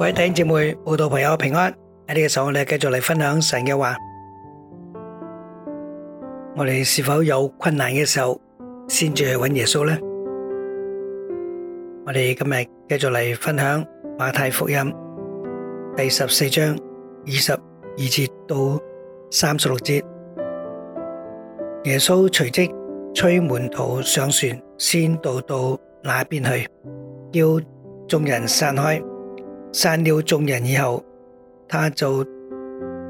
各位弟兄姊妹、慕道朋友平安！喺呢個時候，我哋繼續嚟分享神嘅話。我哋是否有困難嘅時候先至去揾耶穌呢？我哋今日繼續嚟分享馬太福音第十四章二十二節到三十六節。耶穌隨即催門徒上船，先渡到那邊去，叫眾人散開。散了眾人以後，他就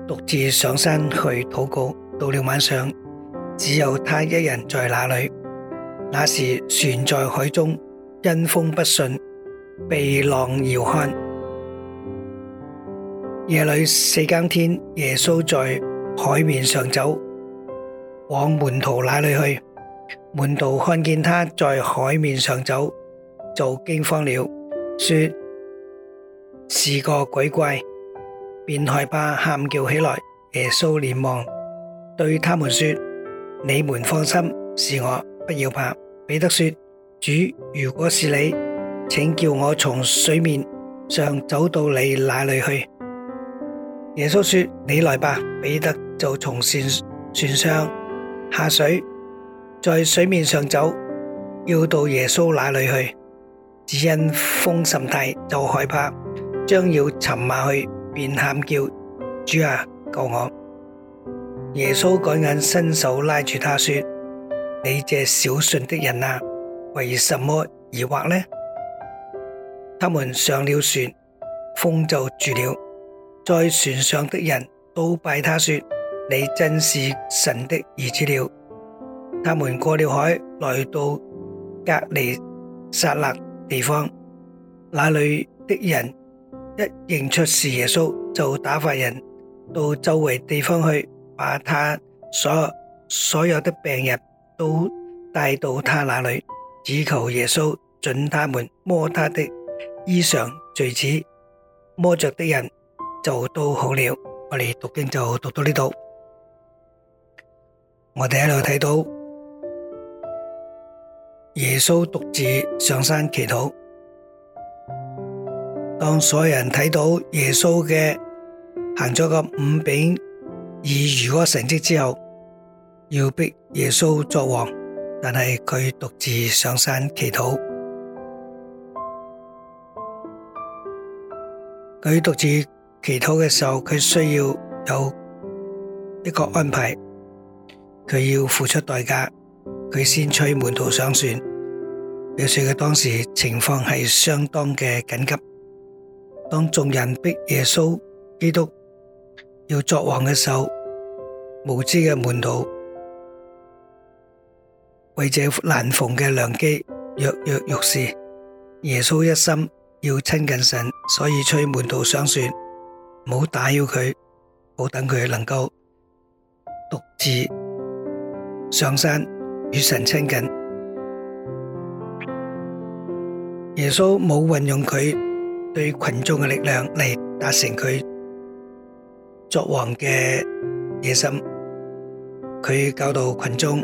獨自上山去禱告。到了晚上，只有他一人在那裏。那時船在海中，因風不順，被浪搖撼。夜裏四更天，耶穌在海面上走，往門徒那裏去。門徒看見他在海面上走，就驚慌了，說：是個鬼怪，便害怕喊叫起來。耶穌連忙對他們說：你們放心，是我，不要怕。彼得說：主，如果是你，請叫我從水面上走到你那裏去。耶穌說：你來吧。彼得就從船船上下水，在水面上走，要到耶穌那裏去，只因風甚大，就害怕。將要沉下去，便喊叫，一認出是耶穌，就打發人到周圍地方去，把他所有所有的病人都帶到他那裏，只求耶穌准他們摸他的衣裳的，繸子摸着的人就都好了。我哋讀經就讀到呢度，我哋喺度睇到耶穌獨自上山祈禱。當所有人睇到耶穌嘅行咗個五餅二魚嗰個成績之後，要逼耶穌作王，但係佢獨自上山祈禱。佢獨自祈禱嘅時候，佢需要有一個安排，佢要付出代價，佢先催門徒上船，表示佢當時情況係相當嘅緊急。當眾人逼耶穌基督要作王嘅時候，無知嘅門徒為這難逢嘅良機躍躍欲試。耶穌一心要親近神，所以催門徒上船，唔好打擾佢，好等佢能夠獨自上山與神親近。耶穌冇運用佢。對群眾的力量來達成他作王的野心，他教導群眾，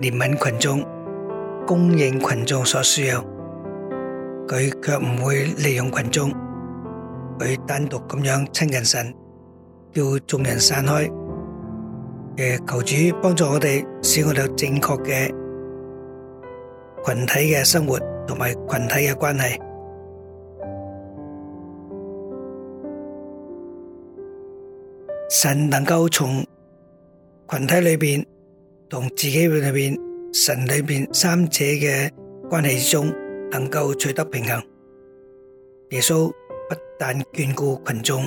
憐憫群眾，供應群眾所需要，他卻不會利用群眾。他單獨這樣親近神，叫眾人散開，求主幫助我們使我們有正確的群體的生活和群體的關係，神能夠從群體裏邊，同自己裏邊，神裏邊三者嘅關係之中能夠取得平衡。耶穌不但眷顧群眾，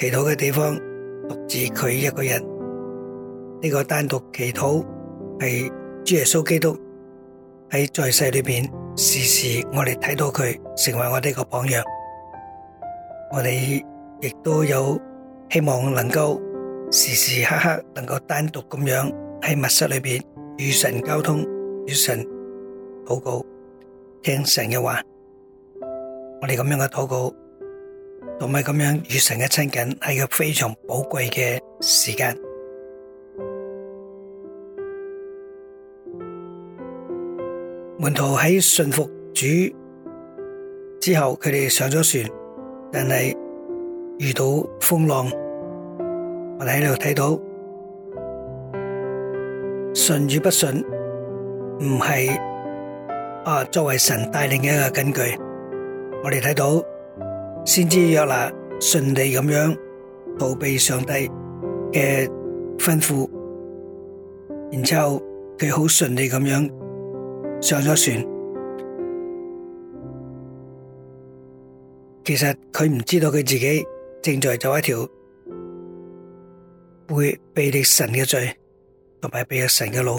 祈禱的地方，獨自他一個人，這個單獨祈禱是主耶穌基督在，在世裏面時時我們看到他成為我們的榜樣。我們也都有希望能夠時時刻刻能夠單獨咁樣喺密室裏面與神交通，與神禱告，聽神的話。我們這樣的禱告。同埋咁樣與神嘅親近係一個非常寶貴嘅時間。門徒喺信服主之後，佢哋上咗船，但係遇到風浪，我哋喺度睇到信與不信唔係啊作為神帶領嘅一個根據，我哋睇到。先知約拿，順利咁樣逃避上帝嘅吩咐，然之後佢好順利咁樣上咗船。其實佢唔知道佢自己正在走一條背背逆神嘅罪，同埋背逆神嘅路。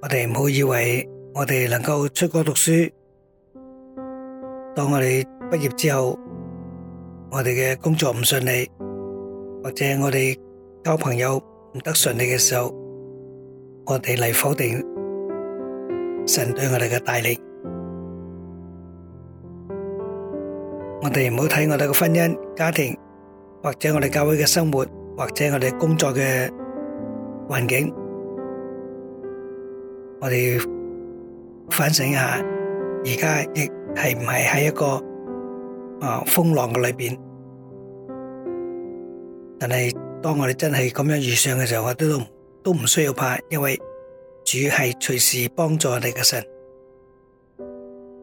我哋唔好以為我哋能夠出國讀書。當我哋畢業之後，我哋嘅工作唔順利，或者我哋交朋友唔得順利嘅時候，我哋嚟否定神對我哋嘅帶領。我哋唔好睇我哋嘅婚姻、家庭，或者我哋教會嘅生活，或者我哋工作嘅環境，我哋反省一下，而家亦。係唔係喺一個啊風浪嘅裏邊？但係當我哋真係咁樣遇上嘅時候，我哋都都唔需要怕，因為主係隨時幫助我哋嘅神，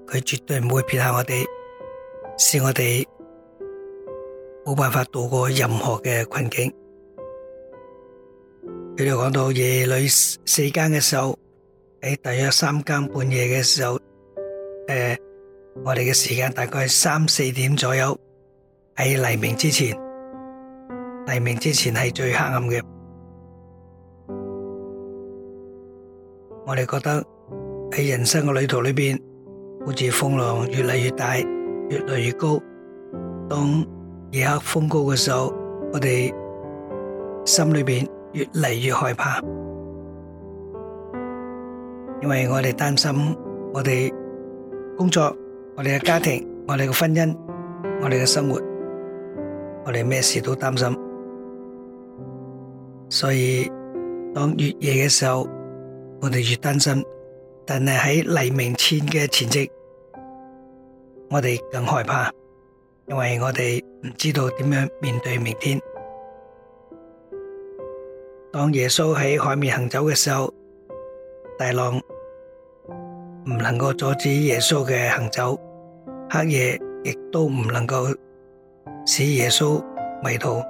佢絕對唔會撇下我哋，使我哋冇辦法度過任何嘅困境。佢哋講到夜裏四更嘅時候，喺大約三更半夜嘅時候，誒、呃。我哋嘅時間大概係三四點左右，喺黎明之前。黎明之前係最黑暗嘅。我哋覺得喺人生嘅旅途裏邊，好似風浪越嚟越大，越嚟越高。當夜黑風高嘅時候，我哋心裏邊越嚟越害怕，因為我哋擔心我哋工作。我哋嘅家庭，我哋嘅婚姻，我哋嘅生活，我哋咩事都擔心。所以當越夜嘅時候，我哋越擔心；但係喺黎明前嘅前夕，我哋更害怕，因為我哋唔知道點樣面對明天。當耶穌喺海面行走嘅時候，大浪。唔能夠阻止耶穌嘅行走，黑夜亦都唔能夠使耶穌迷途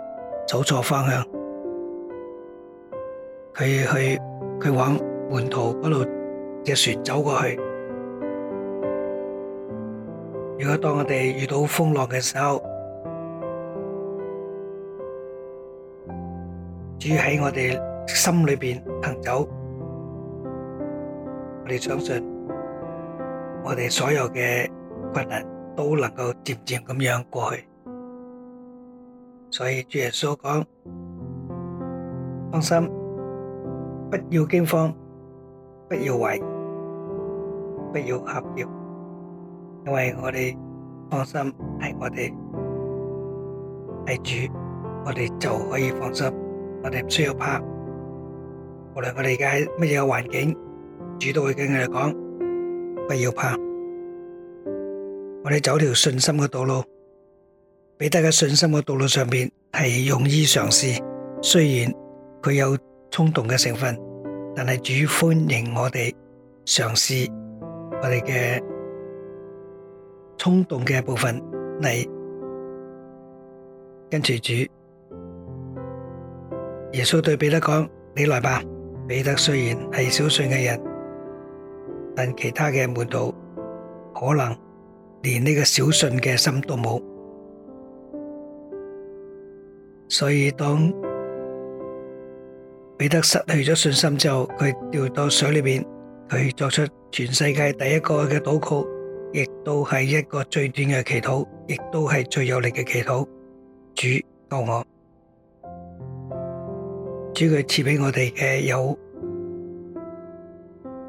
走錯方向。佢去佢往門徒嗰度隻船走過去。如果當我哋遇到風浪嘅時候，只要喺我哋心裏面行走，我哋相信。我哋所有嘅困難都能夠漸漸咁樣過去，所以主耶穌講：放心，不要驚慌，不要懷疑，不要合意，因為我哋放心係我哋係主，我哋就可以放心，我哋唔需要怕，無論我哋而家喺乜嘢環境，主都會跟住講。不要怕，我哋走一條信心嘅道路，彼得嘅信心嘅道路上邊係勇於嘗試。雖然佢有衝動嘅成分，但係主歡迎我哋嘗試我哋嘅衝動嘅部分嚟，跟住主。耶穌對彼得講：你來吧。彼得雖然係小信嘅人，但其他嘅門徒可能連呢個小信嘅心都冇，所以當彼得失去咗信心之後，佢掉到水裏面，佢作出全世界第一個嘅禱告，亦都係一個最短嘅祈禱，亦都係最有力嘅祈禱。主救我！主佢賜畀我哋嘅有，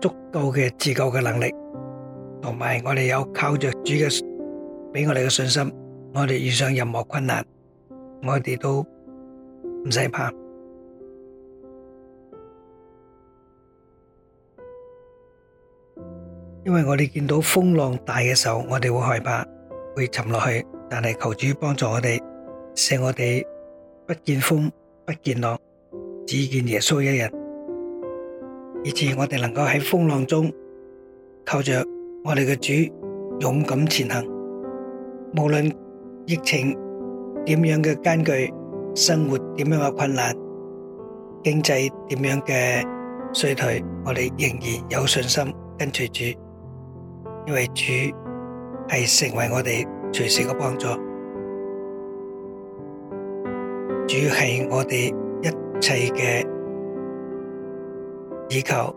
足夠嘅自救嘅能力，同埋我哋有靠着主嘅，俾我哋嘅信心。我哋遇上任何困難，我哋都唔使怕，因為我哋見到風浪大嘅時候，我哋會害怕，會沉落去，但係求主幫助我哋，使我哋不見風，不見浪，只見耶穌一人。以至於我們能夠在風浪中靠着我們的主勇敢前行。無論疫情，怎樣的艱巨，生活，怎樣的困難，經濟，怎樣的衰退，我哋仍然有信心跟隨主，因為主係成為我哋隨時嘅幫助。主係我哋一切嘅以求，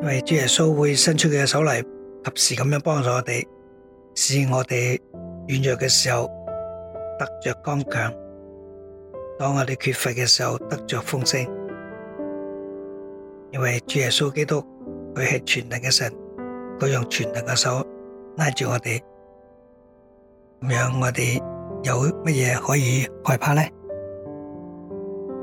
因為主耶穌會伸出佢嘅手嚟，及時咁樣幫助我哋，使我哋軟弱嘅時候得着剛強，當我哋缺乏嘅時候得着豐盛。因為主耶穌基督佢係全能嘅神，佢用全能嘅手拉住我哋，咁樣我哋有乜嘢可以害怕呢？